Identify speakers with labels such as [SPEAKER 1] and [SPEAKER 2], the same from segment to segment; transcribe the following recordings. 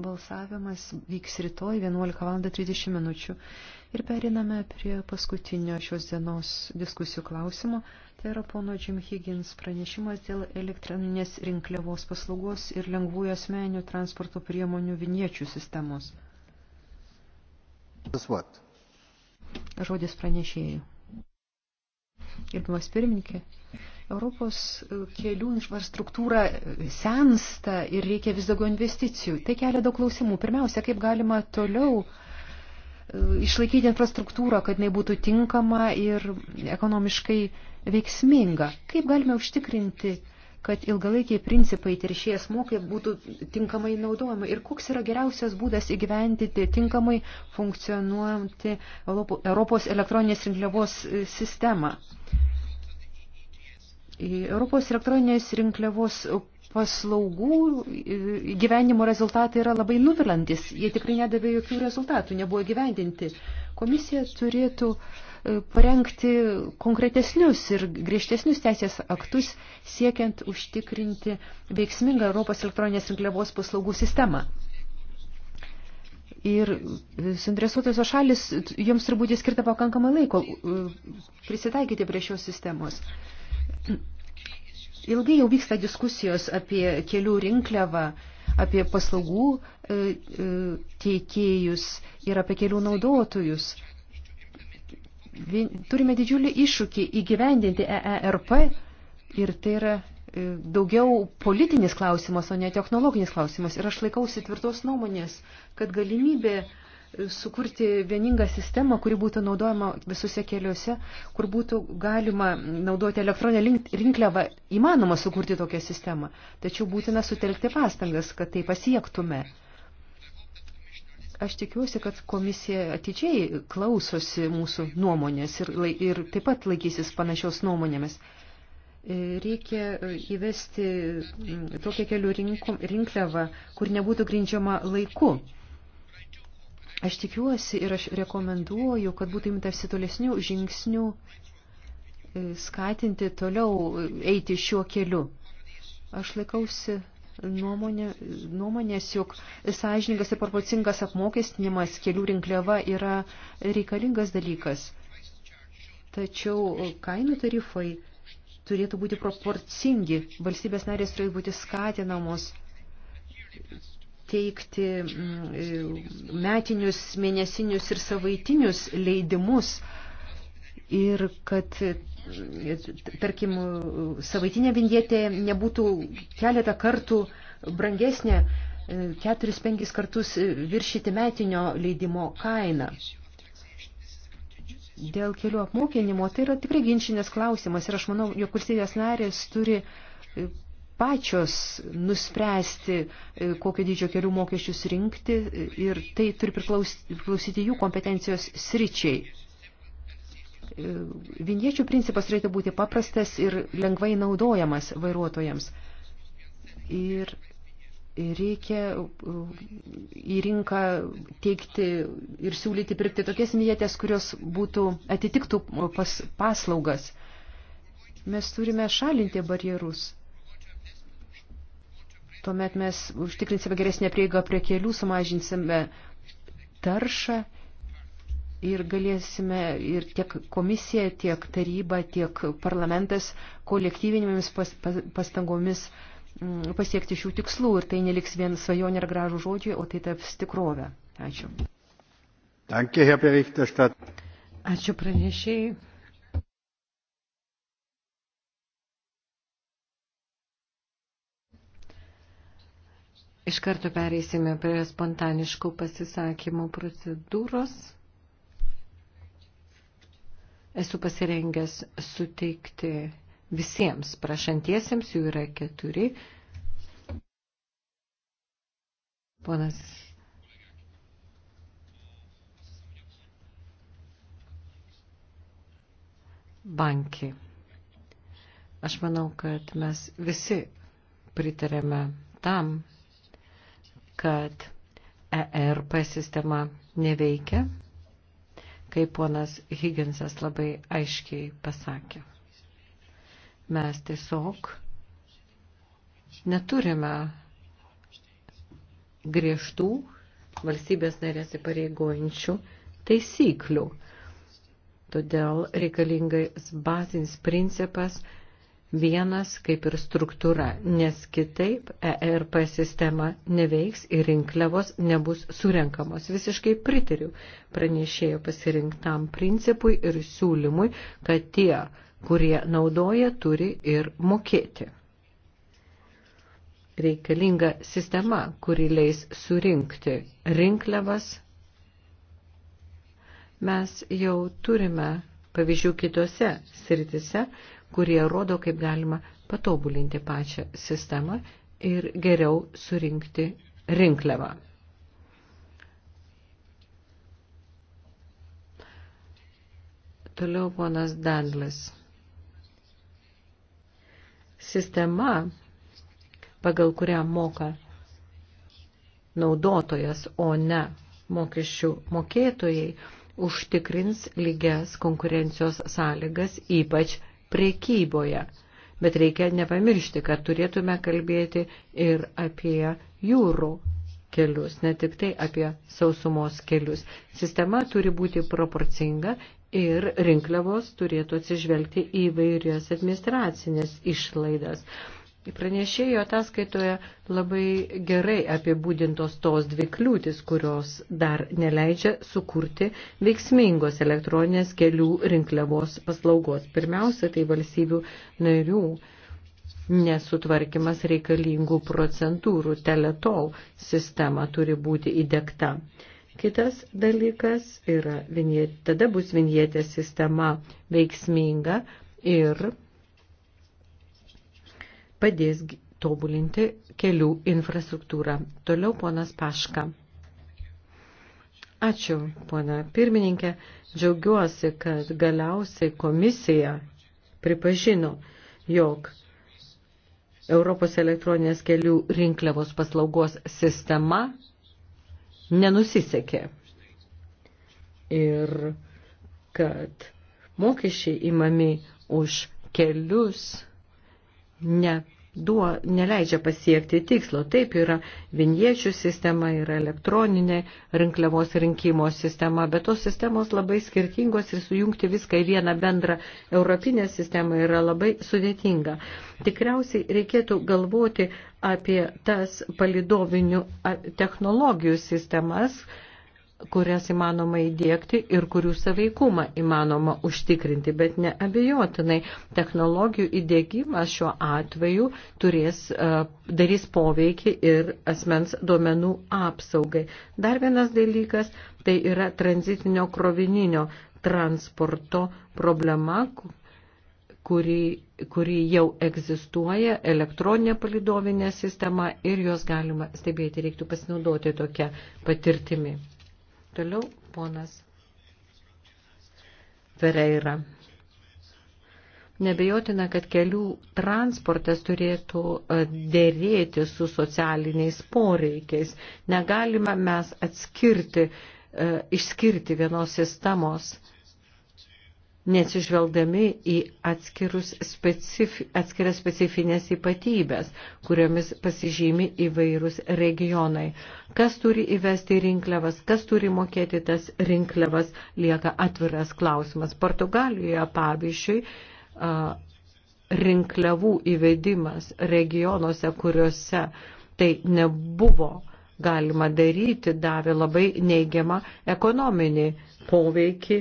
[SPEAKER 1] balsavimas vyks rytoj 11.30 minučių. Ir periname prie paskutinio šios dienos diskusijų klausimo. Tai yra pono Jim Higgins pranešimas dėl elektroninės rinkliavos paslaugos ir lengvųjų asmeninių transporto priemonių viniečių sistemos. Žodis pranešėjų. Gerbimas pirmininkė, Europos e, kelių infrastruktūra e, sensta ir reikia vis daugiau investicijų. Tai kelia daug klausimų. Pirmiausia, kaip galima toliau e, išlaikyti infrastruktūrą, kad jinai būtų tinkama ir ekonomiškai veiksminga. Kaip galime užtikrinti, kad ilgalaikiai principai teršėjas mokai būtų tinkamai naudojami ir koks yra geriausias būdas įgyventyti tinkamai funkcionuojantį Europos elektroninės rinkliavos sistemą. Europos elektroninės rinkliavos paslaugų gyvenimo rezultatai yra labai nuvilantis. Jie tikrai nedavė jokių rezultatų, nebuvo gyvendinti. Komisija turėtų e, parengti konkretesnius ir griežtesnius teisės aktus, siekiant užtikrinti veiksmingą Europos elektroninės rinkliavos paslaugų sistemą. Ir e, suinteresuotosios šalis, joms turi būti skirta pakankamai laiko e, prisitaikyti prie šios sistemos. Ilgai jau vyksta diskusijos apie kelių rinkliavą, apie paslaugų e, e, teikėjus ir apie kelių naudotojus. Turime didžiulį iššūkį įgyvendinti EERP ir tai yra e, daugiau politinis klausimas, o ne technologinis klausimas. Ir aš laikausi tvirtos nuomonės, kad galimybė sukurti vieningą sistemą, kuri būtų naudojama visose keliuose, kur būtų galima naudoti elektroninę rinkliavą. Įmanoma sukurti tokią sistemą, tačiau būtina sutelkti pastangas, kad tai pasiektume. Aš tikiuosi, kad komisija atidžiai klausosi mūsų nuomonės ir, ir taip pat laikysis panašios nuomonėmis. E, reikia e, įvesti tokią kelių rinkliavą, kur nebūtų grindžiama laiku Aš tikiuosi ir aš rekomenduoju, kad būtų imtasi tolesnių žingsnių e, skatinti toliau eiti šiuo keliu. Aš laikausi nuomonė, nuomonės, jog sąžiningas ir proporcingas apmokestinimas kelių rinkliava yra reikalingas dalykas. Tačiau kainų tarifai turėtų būti proporcingi. Valstybės narės turėtų būti skatinamos teikti mm, metinius, mėnesinius ir savaitinius leidimus ir kad, tarkim, savaitinė vinjetė nebūtų keletą kartų brangesnė, keturis, penkis kartus viršyti metinio leidimo kainą. Dėl kelių apmokinimo tai yra tikrai ginčinės klausimas ir aš manau, jog valstybės narės turi pačios nuspręsti, e, kokio dydžio kelių mokesčius rinkti e, ir tai turi priklausyti jų kompetencijos sričiai. E, Viniečių principas turėtų būti paprastas ir lengvai naudojamas vairuotojams. Ir reikia į rinką teikti ir siūlyti pirkti tokias vinjetės, kurios būtų atitiktų pas, paslaugas. Mes turime šalinti barjerus Tuomet mes užtikrinsime geresnę prieigą prie kelių, sumažinsime taršą ir galėsime ir tiek komisija, tiek taryba, tiek parlamentas kolektyvinėmis pas, pas, pastangomis mm, pasiekti šių tikslų ir tai neliks vien svajonė ir gražų žodžiai, o tai taps tikrovę. Ačiū.
[SPEAKER 2] Danke, Herr
[SPEAKER 1] Ačiū pranešėjai.
[SPEAKER 2] Iš karto pereisime prie spontaniškų pasisakymų procedūros. Esu pasirengęs suteikti visiems prašantiesiems, jų yra keturi. Ponas. Banki. Aš manau, kad mes visi pritarėme tam, kad ERP sistema neveikia, kaip ponas Higginsas labai aiškiai pasakė. Mes tiesiog neturime griežtų valstybės narės įpareigojančių taisyklių. Todėl reikalingas bazinis principas vienas kaip ir struktūra, nes kitaip ERP sistema neveiks ir rinkliavos nebus surenkamos. Visiškai pritariu pranešėjo pasirinktam principui ir siūlymui, kad tie, kurie naudoja, turi ir mokėti. Reikalinga sistema, kuri leis surinkti rinkliavas. Mes jau turime pavyzdžių kitose sritise, kurie rodo, kaip galima patobulinti pačią sistemą ir geriau surinkti rinkliavą. Toliau ponas Dandlis. Sistema, pagal kurią moka naudotojas, o ne mokesčių mokėtojai, užtikrins lygias konkurencijos sąlygas, ypač priekyboje. Bet reikia nepamiršti, kad turėtume kalbėti ir apie jūrų kelius, ne tik tai apie sausumos kelius. Sistema turi būti proporcinga ir rinkliavos turėtų atsižvelgti į vairias administracinės išlaidas. Pranešėjo ataskaitoje labai gerai apibūdintos tos dvi kliūtis, kurios dar neleidžia sukurti veiksmingos elektroninės kelių rinkliavos paslaugos. Pirmiausia, tai valstybių narių nesutvarkimas reikalingų procentūrų teletol sistema turi būti įdėkta. Kitas dalykas yra, vinietė, tada bus vinietė sistema veiksminga ir padės tobulinti kelių infrastruktūrą. Toliau ponas Paška. Ačiū, pona pirmininkė. Džiaugiuosi, kad galiausiai komisija pripažino, jog Europos elektroninės kelių rinkliavos paslaugos sistema nenusisekė. Ir kad mokesčiai imami už kelius ne duo neleidžia pasiekti tikslo. Taip yra viniečių sistema, yra elektroninė rinkliavos rinkimo sistema, bet tos sistemos labai skirtingos ir sujungti viską į vieną bendrą europinę sistemą yra labai sudėtinga. Tikriausiai reikėtų galvoti apie tas palidovinių technologijų sistemas, kurias įmanoma įdėkti ir kurių saveikumą įmanoma užtikrinti, bet neabejotinai technologijų įdėgymas šiuo atveju turės, e, darys poveikį ir asmens duomenų apsaugai. Dar vienas dalykas tai yra tranzitinio krovininio transporto problema, kuri, kuri jau egzistuoja, elektroninė palidovinė sistema ir jos galima stebėti, reiktų pasinaudoti tokią patirtimį. Toliau ponas Pereira. Nebejotina, kad kelių transportas turėtų e, dėrėti su socialiniais poreikiais. Negalime mes atskirti, e, išskirti vienos sistemos neatsižvelgdami į specifi, atskiras specifines ypatybės, kuriomis pasižymi įvairūs regionai. Kas turi įvesti rinkliavas, kas turi mokėti tas rinkliavas, lieka atviras klausimas. Portugalijoje, pavyzdžiui, rinkliavų įvedimas regionuose, kuriuose tai nebuvo galima daryti, davė labai neigiamą ekonominį poveikį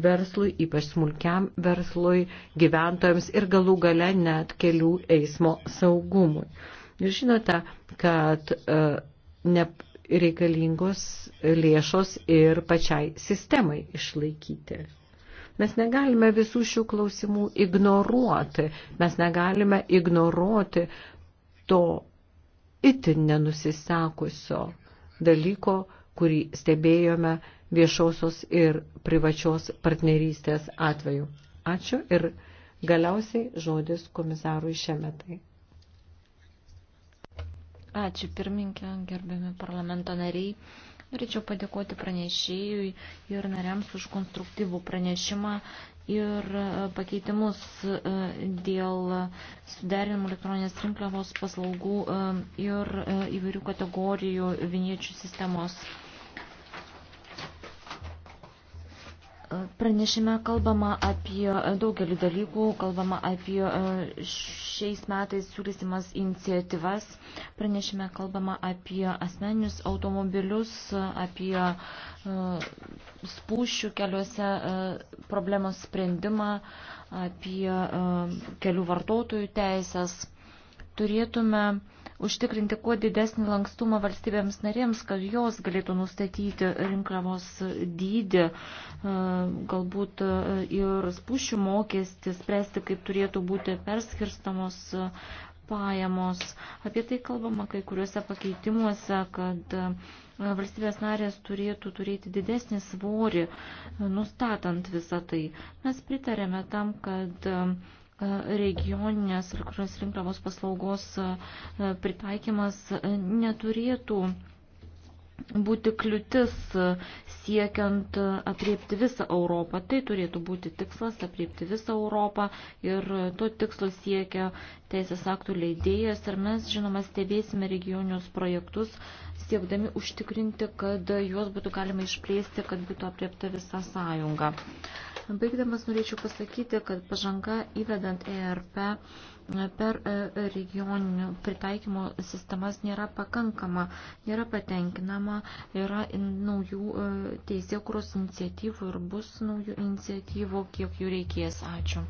[SPEAKER 2] verslui, ypač smulkiam verslui, gyventojams ir galų gale net kelių eismo saugumui. Jūs žinote, kad e, ne reikalingos lėšos ir pačiai sistemai išlaikyti. Mes negalime visų šių klausimų ignoruoti, mes negalime ignoruoti to itin nenusisekusio dalyko, kurį stebėjome viešosios ir privačios partnerystės atveju. Ačiū ir galiausiai žodis komisarui šiemetai.
[SPEAKER 3] Ačiū pirminkė, gerbiami parlamento nariai. Norėčiau padėkoti pranešėjui ir nariams už konstruktyvų pranešimą ir e, pakeitimus e, dėl sudarinimų elektroninės rinkliavos paslaugų e, ir įvairių kategorijų viniečių sistemos. Pranešime kalbama apie daugelį dalykų, kalbama apie e, šiais metais siūlysimas iniciatyvas, pranešime kalbama apie asmeninius automobilius, apie e, spūšių keliuose e, problemos sprendimą, apie kelių vartotojų teisės. Turėtume užtikrinti kuo didesnį lankstumą valstybėms narėms, kad jos galėtų nustatyti rinkliavos dydį, e, galbūt e, ir spušių mokestį, spręsti, kaip turėtų būti perskirstamos e, pajamos. Apie tai kalbama kai kuriuose pakeitimuose, kad valstybės narės turėtų turėti didesnį svorį, nustatant visą tai. Mes pritarėme tam, kad E, regioninės ir kurios rinkliavos paslaugos e, e, pritaikymas neturėtų būti kliūtis siekiant apriepti visą Europą. Tai turėtų būti tikslas apriepti visą Europą ir to tikslo siekia teisės aktų leidėjas ir mes, žinoma, stebėsime regioninius projektus, siekdami užtikrinti, kad juos būtų galima išplėsti, kad būtų apriepta visa sąjunga. Baigdamas norėčiau pasakyti, kad pažanga įvedant ERP per e, regioninių pritaikymo sistemas nėra pakankama, nėra patenkinama, yra naujų e, teisėkuros iniciatyvų ir bus naujų iniciatyvų, kiek jų reikės. Ačiū.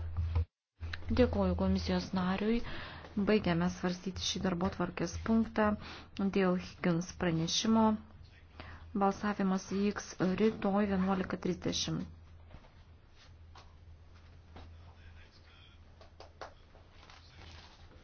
[SPEAKER 3] Dėkuoju komisijos nariui. Baigiame svarstyti šį darbo tvarkės punktą dėl Higgins pranešimo. Balsavimas vyks rytoj 11.30.